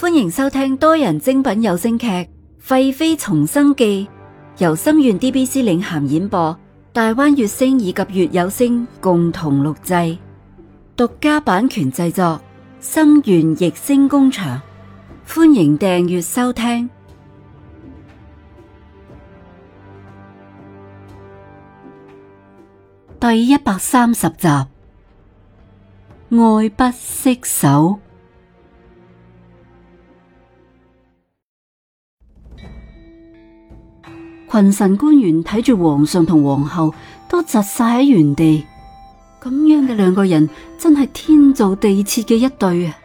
歡迎收聽多人精品有聲劇《廢妃重生記》，由心願 DBC 領銜演播，大灣月聲以及月有聲共同錄製，獨家版權製作，心願逸聲工場。歡迎訂閱收聽。第一百三十集，愛不釋手。群臣官員睇住皇上同皇后，都窒晒喺原地。咁樣嘅兩個人真係天造地設嘅一對啊！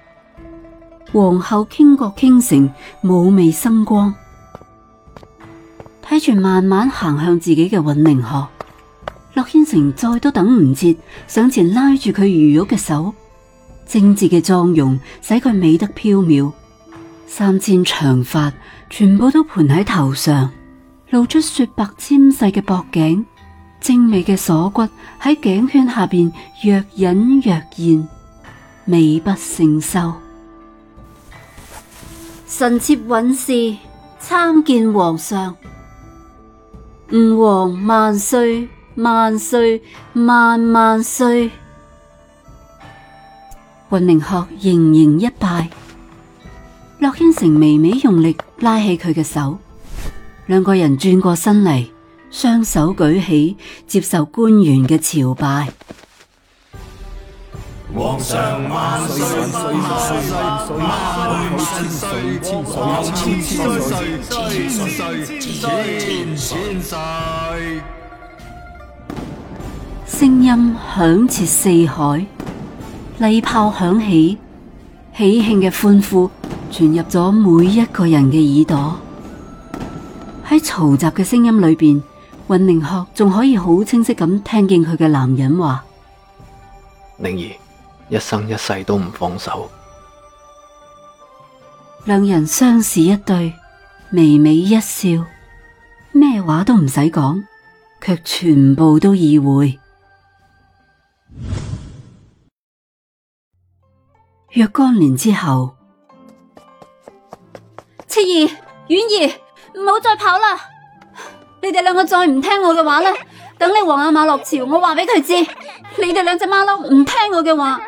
皇后傾國傾城，嫵媚生光，睇住慢慢行向自己嘅云寧鶴。洛軒成再都等唔切，上前拉住佢如玉嘅手。精致嘅妝容使佢美得飄渺，三千長髮全部都盤喺頭上。露出雪白纖細嘅脖頸，精美嘅鎖骨喺頸圈下邊若隱若現，美不勝收。臣妾允氏參見皇上，吾皇萬歲萬歲萬萬歲。雲寧鶴盈盈一拜，洛軒成微微用力拉起佢嘅手。兩個人轉過身嚟，雙手舉起，接受官員嘅朝拜。皇上萬歲萬歲萬萬歲，萬萬歲，萬萬歲，萬萬歲！聲音響徹四海，禮炮響起，喜慶嘅歡呼傳入咗每一個人嘅耳朵。喺嘈雜嘅聲音裏邊，尹寧鶴仲可以好清晰咁聽見佢嘅男人話：寧兒一生一世都唔放手。兩人相視一對，微微一笑，咩話都唔使講，卻全部都意會。若干年之後，七兒婉兒。唔好再跑啦！你哋兩個再唔聽我嘅話咧，等你皇阿瑪落朝，我話俾佢知，你哋兩隻馬騮唔聽我嘅話。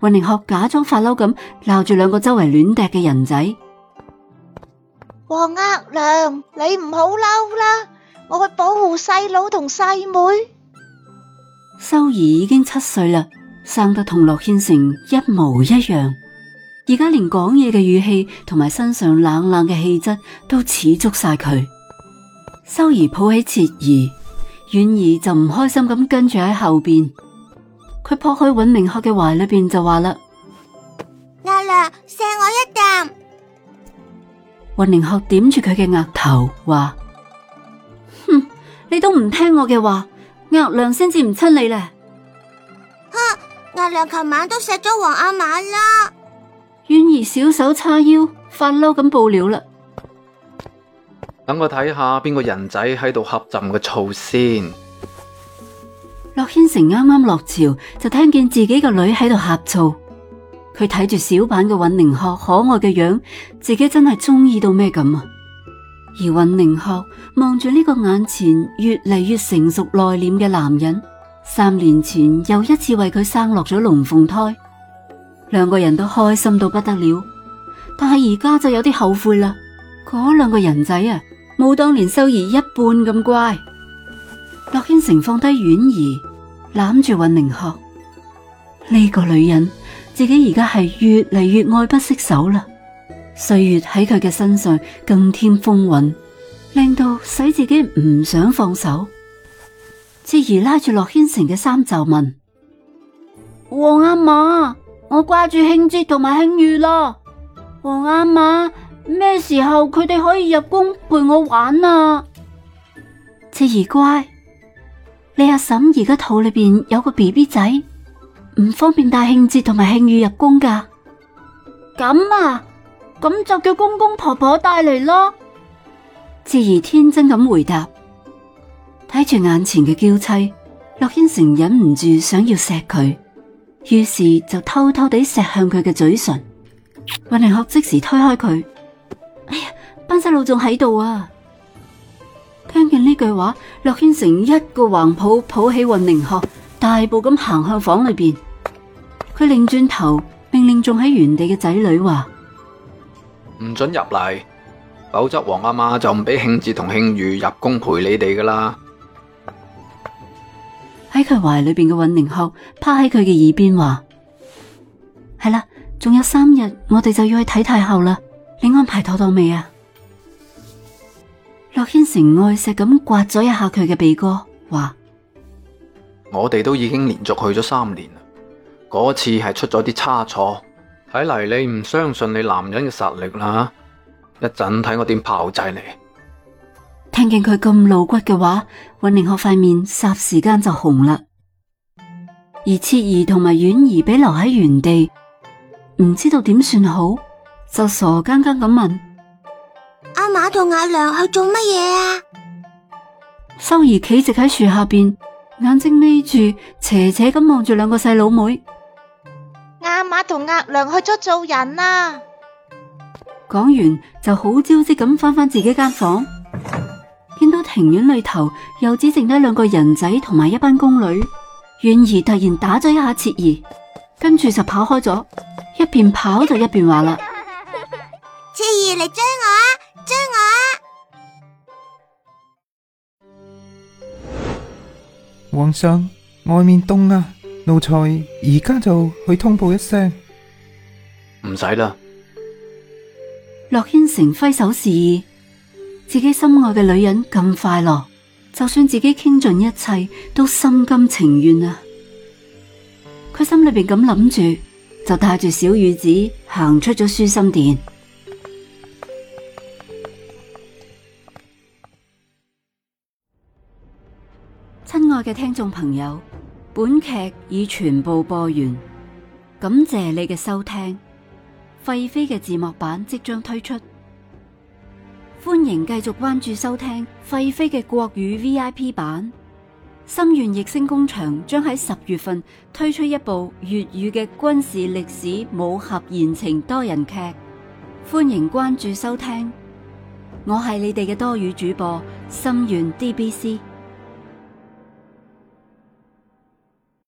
菀儀學假裝發嬲咁鬧住兩個周圍亂趯嘅人仔。皇額娘，你唔好嬲啦，我去保護細佬同細妹。修兒已經七歲啦，生得同洛憲成一模一樣。而家連講嘢嘅語氣同埋身上冷冷嘅氣質都似足晒佢。修兒抱起哲兒，菀儀就唔開心咁跟住喺後邊。佢撲去尹明鶴嘅懷裏邊就話啦：阿娘錫我一啖。尹明鶴點住佢嘅額頭，話：哼，你都唔聽我嘅話，阿娘先至唔親你咧。哼，阿娘琴晚都錫咗皇阿瑪啦。婉兒小手叉腰，發嬲咁報料啦！等我睇下邊個人仔喺度呷朕嘅醋先。駱軒成啱啱落朝，就聽見自己個女喺度呷醋。佢睇住小版嘅尹寧鶴可愛嘅樣，自己真係中意到咩咁啊！而尹寧鶴望住呢個眼前越嚟越成熟內斂嘅男人，三年前又一次為佢生落咗龍鳳胎。兩個人都開心到不得了，但係而家就有啲後悔啦。嗰兩個人仔啊，冇當年修兒一半咁乖。洛軒成放低菀儀，攬住尹寧鶴呢個女人，自己而家係越嚟越愛不釋手啦。歲月喺佢嘅身上更添風韻，令到使自己唔想放手。哲兒拉住洛軒成嘅衫袖問：皇阿瑪。我掛住慶節同埋慶裕啦，皇阿瑪，咩時候佢哋可以入宮陪我玩啊？哲兒乖，你阿嬸而家肚裏邊有個 B B 仔，唔方便帶慶節同埋慶裕入宮噶。咁啊，咁就叫公公婆婆帶嚟咯。哲兒天真咁回答，睇住眼前嘅嬌妻，駱軒成忍唔住想要錫佢。於是就偷偷地錫向佢嘅嘴唇，運寧學即時推開佢。哎呀，班細路仲喺度啊！聽見呢句話，洛軒成一個橫抱，抱抱起運寧學，大步咁行向房裏邊。佢擰轉頭，命令仲喺原地嘅仔女話，唔准入嚟，否則王阿媽就唔俾慶節同慶裕入宮陪你哋噶啦。喺佢懷裏邊嘅允寧后趴喺佢嘅耳邊話：係啦，仲有三日，我哋就要去睇太后啦。你安排妥當未啊？洛軒成愛錫咁刮咗一下佢嘅鼻哥，話：我哋都已經連續去咗三年啦，嗰次係出咗啲差錯，睇嚟你唔相信你男人嘅實力啦。一陣睇我點炮製你。聽見佢咁露骨嘅話，温寧學塊面霎時間就紅啦。而切兒同埋婉兒俾留喺原地，唔知道點算好，就傻更更咁問：阿瑪同阿,阿,阿娘去做乜嘢啊？修兒企直喺樹下邊，眼睛眯住，斜斜咁望住兩個細佬妹。阿瑪同阿娘去咗做人啊！講完就好焦急咁翻返自己間房間。庭院裏頭又只剩低兩個人仔同埋一班宮女，菀儀突然打咗一下切兒，跟住就跑開咗，一邊跑就一邊話啦：切兒嚟追我啊，追我啊！皇上，外面凍啊，奴才而家就去通報一聲。唔使啦，洛軒成揮手示意。自己心愛嘅女人咁快樂，就算自己傾盡一切都心甘情願啊！佢心裏邊咁諗住，就帶住小雨子行出咗舒心殿。親愛嘅聽眾朋友，本劇已全部播完，感謝你嘅收聽。廢妃嘅字幕版即將推出。歡迎繼續關注收聽廢妃嘅國語 V I P 版。心源逆星工場將喺十月份推出一部粵語嘅軍事歷史武俠言情多人劇，歡迎關注收聽。我係你哋嘅多語主播心源 D B C。